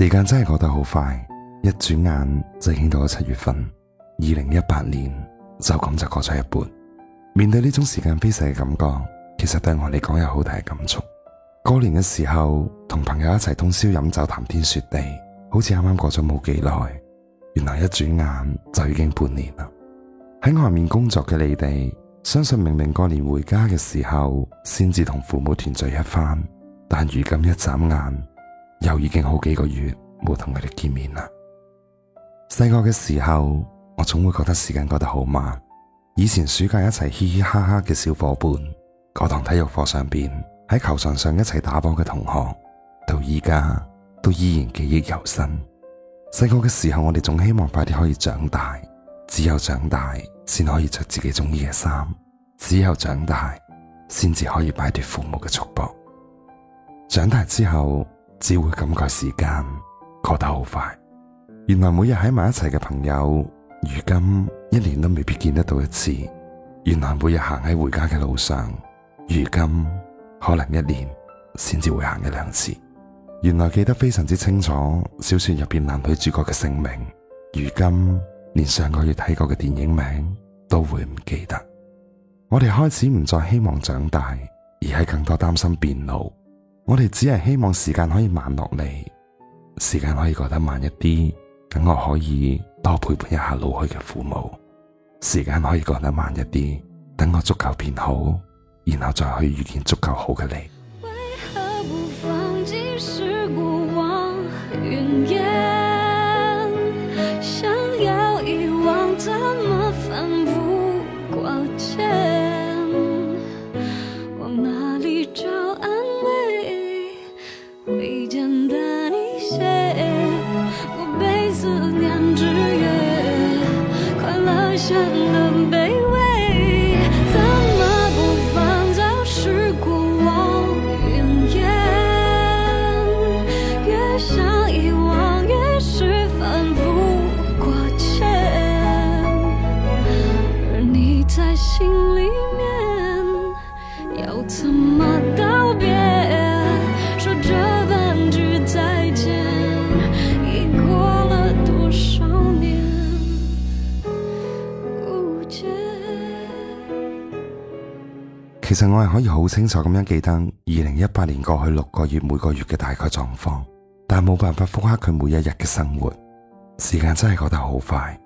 時間真係過得好快，一轉眼就已經到咗七月份，二零一八年就咁就過咗一半。面對呢種時間飛逝嘅感覺，其實對我嚟講有好大嘅感觸。過年嘅時候同朋友一齊通宵飲酒談天說地，好似啱啱過咗冇幾耐，原來一轉眼就已經半年啦。喺外面工作嘅你哋，相信明明過年回家嘅時候先至同父母團聚一番，但如今一眨眼。又已經好幾個月冇同佢哋見面啦。細個嘅時候，我總會覺得時間過得好慢。以前暑假一齊嘻嘻哈哈嘅小伙伴，嗰堂體育課上邊喺球場上一齊打波嘅同學，到而家都依然記憶猶新。細個嘅時候，我哋總希望快啲可以長大，只有長大先可以着自己中意嘅衫，只有長大先至可以擺脫父母嘅束縛。長大之後，只會感覺時間過得好快，原來每日喺埋一齊嘅朋友，如今一年都未必見得到一次；原來每日行喺回家嘅路上，如今可能一年先至會行一兩次。原來記得非常之清楚小說入邊男女主角嘅姓名，如今連上個月睇過嘅電影名都會唔記得。我哋開始唔再希望長大，而係更多擔心變老。我哋只係希望時間可以慢落嚟，時間可以過得慢一啲，等我可以多陪伴一下老去嘅父母；時間可以過得慢一啲，等我足夠變好，然後再去遇見足夠好嘅你。其實我係可以好清楚咁樣記得二零一八年過去六個月每個月嘅大概狀況，但冇辦法複刻佢每一日嘅生活。時間真係過得好快，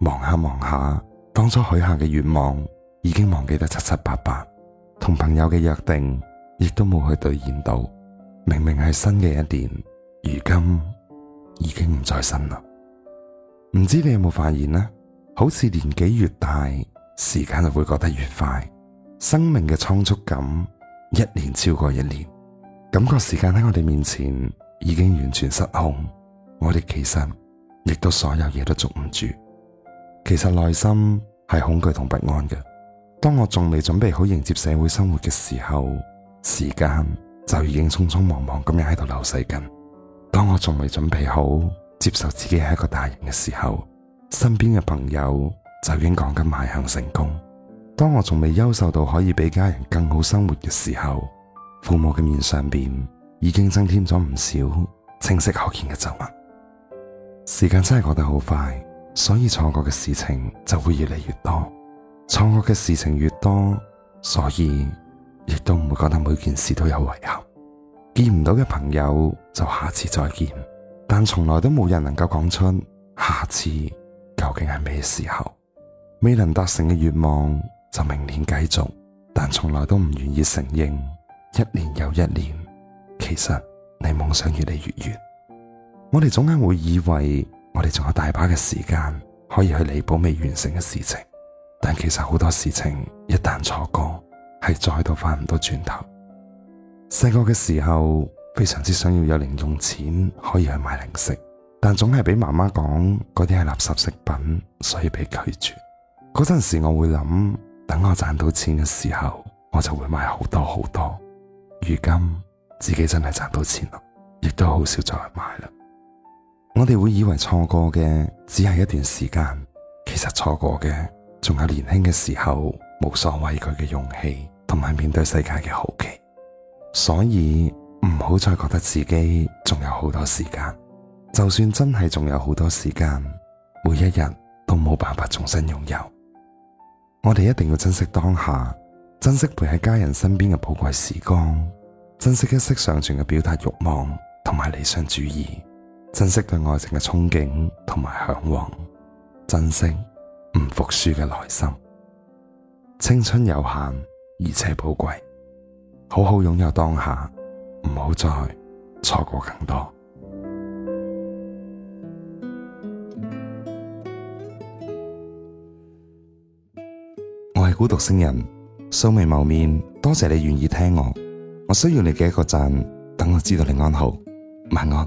忙下忙下，當初許下嘅願望已經忘記得七七八八，同朋友嘅約定。亦都冇去兌現到，明明係新嘅一年，如今已經唔再新啦。唔知你有冇發現咧？好似年紀越大，時間就會過得越快，生命嘅倉促感一年超過一年，感覺時間喺我哋面前已經完全失控。我哋其實亦都所有嘢都捉唔住。其實內心係恐懼同不安嘅。當我仲未準備好迎接社會生活嘅時候。時間就已經匆匆忙忙咁樣喺度流逝緊。當我仲未準備好接受自己係一個大人嘅時候，身邊嘅朋友就已經講緊邁向成功。當我仲未優秀到可以俾家人更好生活嘅時候，父母嘅面上邊已經增添咗唔少清晰可見嘅皺紋。時間真係過得好快，所以錯過嘅事情就會越嚟越多。錯過嘅事情越多，所以。亦都唔會覺得每件事都有遺憾，見唔到嘅朋友就下次再見，但從來都冇人能夠講出下次究竟係咩時候。未能達成嘅願望就明年繼續，但從來都唔願意承認，一年又一年，其實你夢想越嚟越遠。我哋總係會以為我哋仲有大把嘅時間可以去彌補未完成嘅事情，但其實好多事情一旦錯過。係再都翻唔到轉頭。細個嘅時候非常之想要有零用錢可以去買零食，但總係俾媽媽講嗰啲係垃圾食品，所以被拒絕。嗰陣時我會諗，等我賺到錢嘅時候，我就會買好多好多。如今自己真係賺到錢啦，亦都好少再買啦。我哋會以為錯過嘅只係一段時間，其實錯過嘅仲有年輕嘅時候無所畏懼嘅勇氣。同埋面對世界嘅好奇，所以唔好再覺得自己仲有好多時間。就算真係仲有好多時間，每一日都冇辦法重新擁有。我哋一定要珍惜當下，珍惜陪喺家人身邊嘅寶貴時光，珍惜一息尚存嘅表達慾望，同埋理想主義，珍惜對愛情嘅憧憬，同埋向往，珍惜唔服輸嘅內心。青春有限。而且寶貴，好好擁有當下，唔好再錯過更多。我係孤獨星人，素未謀面，多謝你願意聽我。我需要你嘅一個讚，等我知道你安好，晚安。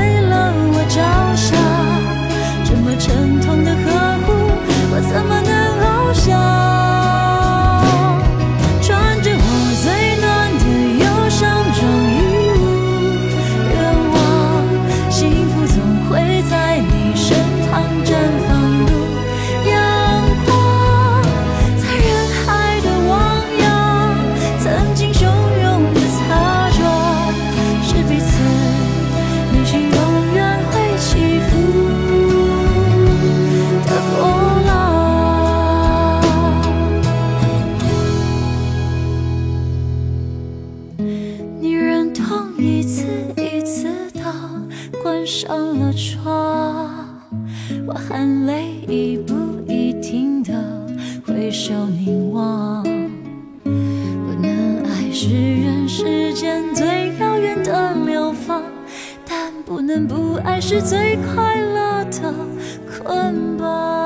不能不愛，是最快樂的捆綁。